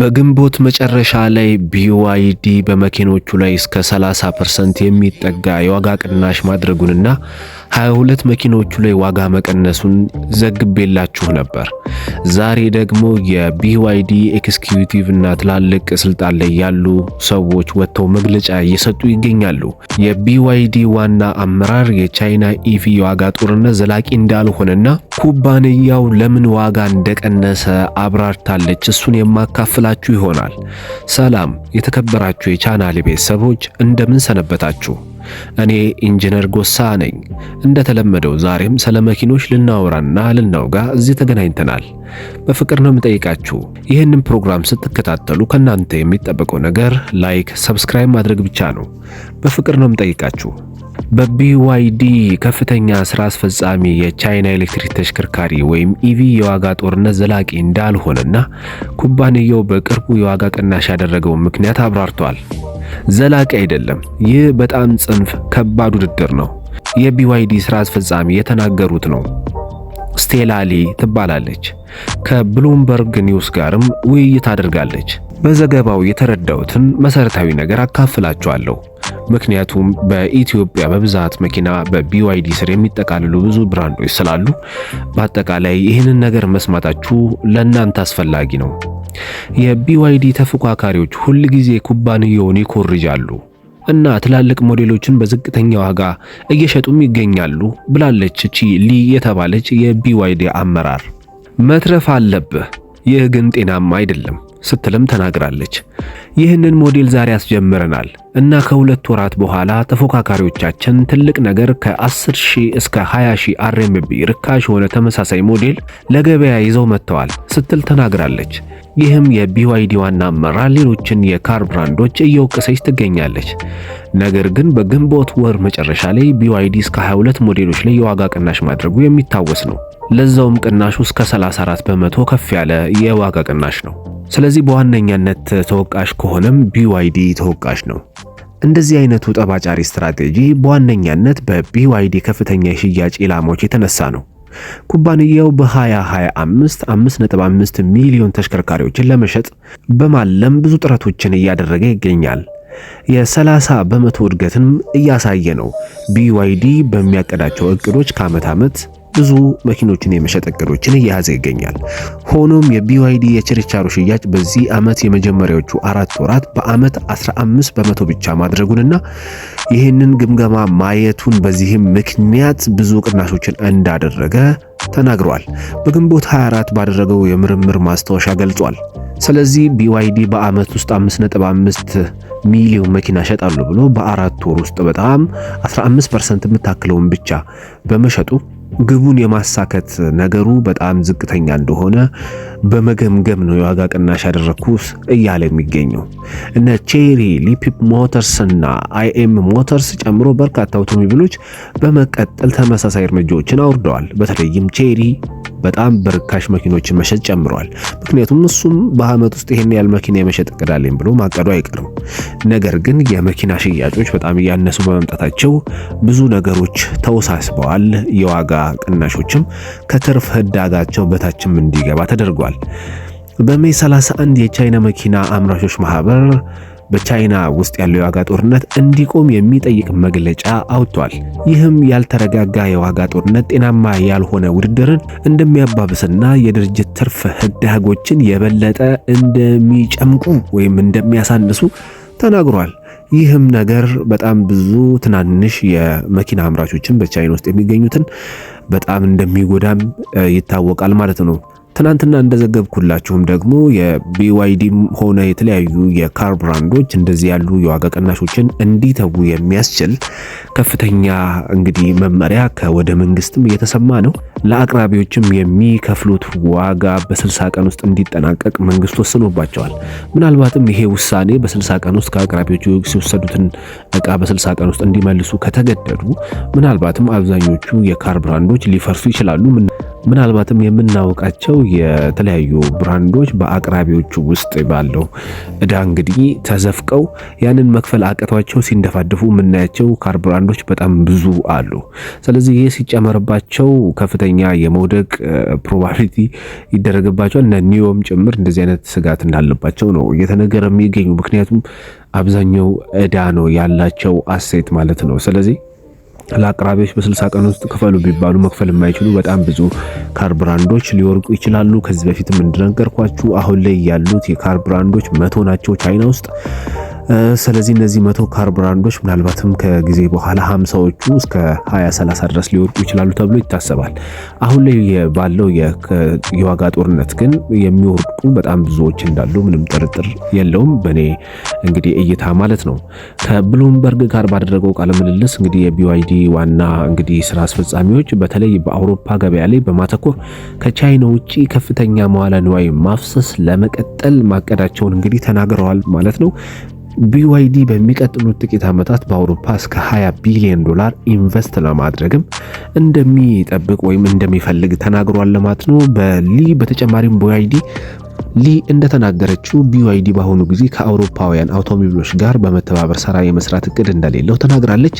በግንቦት መጨረሻ ላይ ቢዋይዲ በመኪኖቹ ላይ እስከ 30% የሚጠጋ የዋጋ ቅናሽ ማድረጉንና 22 መኪኖቹ ላይ ዋጋ መቀነሱን ዘግቤላችሁ ነበር። ዛሬ ደግሞ የቢዋይዲ ኤክስኪዩቲቭ እና ትላልቅ ስልጣን ላይ ያሉ ሰዎች ወጥተው መግለጫ እየሰጡ ይገኛሉ። የቢዋይዲ ዋና አመራር የቻይና ኢቪ የዋጋ ጦርነት ዘላቂ እንዳልሆነና ኩባንያው ለምን ዋጋ እንደቀነሰ አብራርታለች። እሱን የማካፍል ይመስላችሁ ይሆናል። ሰላም የተከበራችሁ የቻናል ቤተሰቦች እንደምን ሰነበታችሁ? እኔ ኢንጂነር ጎሳ ነኝ። እንደተለመደው ዛሬም ስለ መኪኖች ልናወራና ልናውጋ እዚህ ተገናኝተናል። በፍቅር ነው የምጠይቃችሁ። ይህንን ፕሮግራም ስትከታተሉ ከእናንተ የሚጠበቀው ነገር ላይክ፣ ሰብስክራይብ ማድረግ ብቻ ነው። በፍቅር ነው የምጠይቃችሁ። በቢዋይዲ ከፍተኛ ስራ አስፈጻሚ የቻይና ኤሌክትሪክ ተሽከርካሪ ወይም ኢቪ የዋጋ ጦርነት ዘላቂ እንዳልሆነና ኩባንያው በቅርቡ የዋጋ ቅናሽ ያደረገውን ምክንያት አብራርቷል። ዘላቂ አይደለም፣ ይህ በጣም ጽንፍ ከባድ ውድድር ነው፣ የቢዋይዲ ስራ አስፈጻሚ የተናገሩት ነው። ስቴላሊ ትባላለች። ከብሉምበርግ ኒውስ ጋርም ውይይት አድርጋለች። በዘገባው የተረዳሁትን መሰረታዊ ነገር አካፍላችኋለሁ። ምክንያቱም በኢትዮጵያ በብዛት መኪና በቢዋይዲ ስር የሚጠቃልሉ ብዙ ብራንዶች ስላሉ በአጠቃላይ ይህንን ነገር መስማታችሁ ለእናንተ አስፈላጊ ነው። የቢዋይዲ ተፎካካሪዎች ሁል ጊዜ ኩባንያውን ይኮርጃሉ። እና ትላልቅ ሞዴሎችን በዝቅተኛ ዋጋ እየሸጡም ይገኛሉ ብላለች እቺ ሊ የተባለች የቢዋይዲ አመራር። መትረፍ አለብህ፣ ይህ ግን ጤናማ አይደለም ስትልም ተናግራለች። ይህንን ሞዴል ዛሬ አስጀምረናል እና ከሁለት ወራት በኋላ ተፎካካሪዎቻችን ትልቅ ነገር ከ10 ሺህ እስከ 20 ሺህ አርኤምቢ ርካሽ የሆነ ተመሳሳይ ሞዴል ለገበያ ይዘው መጥተዋል ስትል ተናግራለች። ይህም የቢዋይዲ ዋና አመራር ሌሎችን የካር ብራንዶች እየወቀሰች ትገኛለች። ነገር ግን በግንቦት ወር መጨረሻ ላይ ቢዋይዲ እስከ 22 ሞዴሎች ላይ የዋጋ ቅናሽ ማድረጉ የሚታወስ ነው። ለዛውም ቅናሹ እስከ 34 በመቶ ከፍ ያለ የዋጋ ቅናሽ ነው። ስለዚህ በዋነኛነት ተወቃሽ ከሆነም ቢዋይዲ ተወቃሽ ነው። እንደዚህ አይነቱ ጠባጫሪ ስትራቴጂ በዋነኛነት በቢዋይዲ ከፍተኛ የሽያጭ ኢላማዎች የተነሳ ነው። ኩባንያው በ2025 5.5 ሚሊዮን ተሽከርካሪዎችን ለመሸጥ በማለም ብዙ ጥረቶችን እያደረገ ይገኛል። የ30 በመቶ እድገትም እያሳየ ነው። ቢዋይዲ በሚያቀዳቸው እቅዶች ከዓመት ዓመት ብዙ መኪኖችን የመሸጥ እቅዶችን እየያዘ ይገኛል። ሆኖም የቢዋይዲ የችርቻሮ ሽያጭ በዚህ ዓመት የመጀመሪያዎቹ አራት ወራት በዓመት 15 በመቶ ብቻ ማድረጉንና ይህንን ግምገማ ማየቱን በዚህም ምክንያት ብዙ ቅናሾችን እንዳደረገ ተናግሯል። በግንቦት 24 ባደረገው የምርምር ማስታወሻ ገልጿል። ስለዚህ ቢዋይዲ በዓመት ውስጥ 5.5 ሚሊዮን መኪና ሸጣሉ ብሎ በአራት ወር ውስጥ በጣም 15 ፐርሰንት የምታክለውን ብቻ በመሸጡ ግቡን የማሳከት ነገሩ በጣም ዝቅተኛ እንደሆነ በመገምገም ነው የዋጋ ቅናሽ ያደረግኩት እያለ የሚገኘው እነ ቼሪ ሊፒፕ ሞተርስ እና አይኤም ሞተርስ ጨምሮ በርካታ አውቶሞቢሎች በመቀጠል ተመሳሳይ እርምጃዎችን አውርደዋል። በተለይም ቼሪ በጣም በርካሽ መኪኖችን መሸጥ ጨምረዋል። ምክንያቱም እሱም በዓመት ውስጥ ይሄን ያህል መኪና የመሸጥ እቅዳለኝ ብሎ ማቀዱ አይቀርም። ነገር ግን የመኪና ሽያጮች በጣም እያነሱ በመምጣታቸው ብዙ ነገሮች ተወሳስበዋል። የዋጋ ቅናሾችም ከትርፍ ህዳጋቸው በታችም እንዲገባ ተደርጓል። በሜይ 31 የቻይና መኪና አምራቾች ማህበር በቻይና ውስጥ ያለው የዋጋ ጦርነት እንዲቆም የሚጠይቅ መግለጫ አውጥቷል። ይህም ያልተረጋጋ የዋጋ ጦርነት ጤናማ ያልሆነ ውድድርን እንደሚያባብስና የድርጅት ትርፍ ህዳጎችን የበለጠ እንደሚጨምቁ ወይም እንደሚያሳንሱ ተናግሯል። ይህም ነገር በጣም ብዙ ትናንሽ የመኪና አምራቾችን በቻይና ውስጥ የሚገኙትን በጣም እንደሚጎዳም ይታወቃል ማለት ነው። ትናንትና እንደዘገብኩላችሁም ደግሞ የቢዋይዲም ሆነ የተለያዩ የካር ብራንዶች እንደዚህ ያሉ የዋጋ ቅናሾችን እንዲተጉ የሚያስችል ከፍተኛ እንግዲህ መመሪያ ከወደ መንግስትም እየተሰማ ነው። ለአቅራቢዎችም የሚከፍሉት ዋጋ በ60 ቀን ውስጥ እንዲጠናቀቅ መንግስት ወስኖባቸዋል። ምናልባትም ይሄ ውሳኔ በ60 ቀን ውስጥ ከአቅራቢዎቹ ሲወሰዱትን እቃ በ60 ቀን ውስጥ እንዲመልሱ ከተገደዱ ምናልባትም አብዛኞቹ የካር ብራንዶች ሊፈርሱ ይችላሉ። ምናልባትም የምናውቃቸው የተለያዩ ብራንዶች በአቅራቢዎቹ ውስጥ ባለው እዳ እንግዲህ ተዘፍቀው ያንን መክፈል አቅቷቸው ሲንደፋደፉ የምናያቸው ካር ብራንዶች በጣም ብዙ አሉ። ስለዚህ ይህ ሲጨመርባቸው ከፍተኛ የመውደቅ ፕሮባቢሊቲ ይደረግባቸዋል እና ኒዮም ጭምር እንደዚህ አይነት ስጋት እንዳለባቸው ነው እየተነገረ የሚገኙ ምክንያቱም አብዛኛው እዳ ነው ያላቸው አሴት ማለት ነው። ስለዚህ ለአቅራቢዎች በስልሳ ቀን ውስጥ ክፈሉ ቢባሉ መክፈል የማይችሉ በጣም ብዙ ካር ብራንዶች ሊወርቁ ይችላሉ። ከዚህ በፊትም እንደነገርኳችሁ አሁን ላይ ያሉት የካር ብራንዶች መቶ ናቸው ቻይና ውስጥ። ስለዚህ እነዚህ መቶ ካር ብራንዶች ምናልባትም ከጊዜ በኋላ ሀምሳዎቹ እስከ 2030 ድረስ ሊወድቁ ይችላሉ ተብሎ ይታሰባል። አሁን ላይ ባለው የዋጋ ጦርነት ግን የሚወድቁ በጣም ብዙዎች እንዳሉ ምንም ጥርጥር የለውም፣ በእኔ እንግዲህ እይታ ማለት ነው። ከብሉምበርግ ጋር ባደረገው ቃለ ምልልስ እንግዲህ የቢዋይዲ ዋና እንግዲህ ስራ አስፈጻሚዎች በተለይ በአውሮፓ ገበያ ላይ በማተኮር ከቻይና ውጭ ከፍተኛ መዋለ ንዋይ ማፍሰስ ለመቀጠል ማቀዳቸውን እንግዲህ ተናግረዋል ማለት ነው። ቢዋይዲ በሚቀጥሉት ጥቂት ዓመታት በአውሮፓ እስከ 20 ቢሊዮን ዶላር ኢንቨስት ለማድረግም እንደሚጠብቅ ወይም እንደሚፈልግ ተናግሯል ለማለት ነው። በሊ በተጨማሪም ቢዋይዲ ሊ እንደተናገረችው ቢዋይዲ በአሁኑ ጊዜ ከአውሮፓውያን አውቶሞቢሎች ጋር በመተባበር ስራ የመስራት እቅድ እንደሌለው ተናግራለች።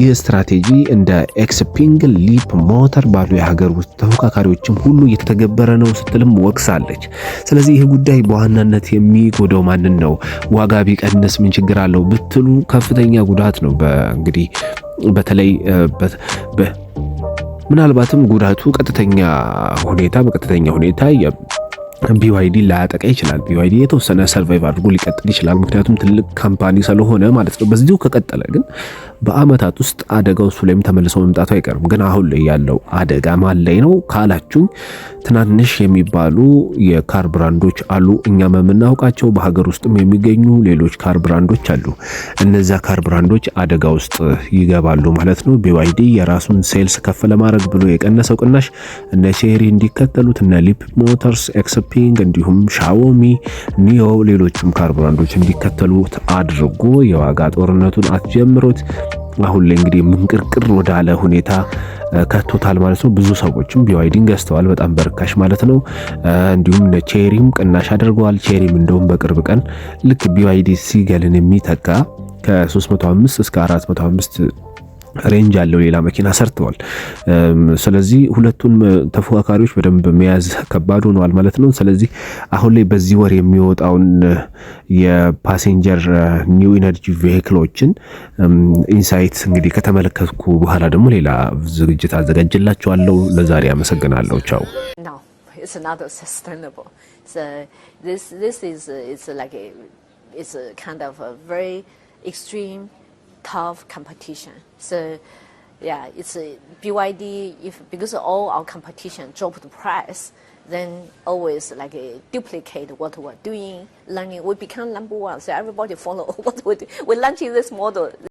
ይህ ስትራቴጂ እንደ ኤክስፒንግ፣ ሊፕ ሞተር ባሉ የሀገር ውስጥ ተፎካካሪዎችም ሁሉ እየተተገበረ ነው ስትልም ወቅሳለች። ስለዚህ ይህ ጉዳይ በዋናነት የሚጎዳው ማንን ነው? ዋጋ ቢቀንስ ምን ችግር አለው ብትሉ ከፍተኛ ጉዳት ነው። እንግዲህ በተለይ ምናልባትም ጉዳቱ ቀጥተኛ ሁኔታ በቀጥተኛ ሁኔታ ቢዋይዲ ላያጠቃ ይችላል። ቢዋይዲ የተወሰነ ሰርቫይቭ አድርጎ ሊቀጥል ይችላል፣ ምክንያቱም ትልቅ ካምፓኒ ስለሆነ ማለት ነው። በዚሁ ከቀጠለ ግን በአመታት ውስጥ አደጋው እሱ ላይም ተመልሶ መምጣቱ አይቀርም። ግን አሁን ላይ ያለው አደጋ ማን ላይ ነው ካላችሁኝ፣ ትናንሽ የሚባሉ የካር ብራንዶች አሉ፣ እኛም የምናውቃቸው በሀገር ውስጥም የሚገኙ ሌሎች ካር ብራንዶች አሉ። እነዚያ ካር ብራንዶች አደጋ ውስጥ ይገባሉ ማለት ነው። ቢዋይዲ የራሱን ሴልስ ከፍ ለማድረግ ብሎ የቀነሰው ቅናሽ እነ ቼሪ እንዲከተሉት እነ ሊፕ ሞተርስ ሾፒንግ እንዲሁም ሻዎሚ፣ ኒዮ፣ ሌሎችም ካር ብራንዶች እንዲከተሉት አድርጎ የዋጋ ጦርነቱን አትጀምሩት። አሁን ላይ እንግዲህ ምንቅርቅር ወዳለ ሁኔታ ከቶታል ማለት ነው። ብዙ ሰዎችም ቢዋይዲን ገዝተዋል በጣም በርካሽ ማለት ነው። እንዲሁም ቼሪም ቅናሽ አድርገዋል። ቼሪም እንደውም በቅርብ ቀን ልክ ቢዋይዲ ሲገልን የሚተካ ከ305 እስከ 405 ሬንጅ ያለው ሌላ መኪና ሰርተዋል። ስለዚህ ሁለቱን ተፎካካሪዎች በደንብ መያዝ ከባድ ሆነዋል ማለት ነው። ስለዚህ አሁን ላይ በዚህ ወር የሚወጣውን የፓሴንጀር ኒው ኢነርጂ ቬሂክሎችን ኢንሳይት እንግዲህ ከተመለከትኩ በኋላ ደግሞ ሌላ ዝግጅት አዘጋጅላቸዋለሁ። ለዛሬ አመሰግናለሁ። ቻው። extreme tough competition. So yeah, it's a BYD. If because all our competition dropped the price, then always like duplicate what we're doing, learning. We become number one, so everybody follow what we do. we launching this model.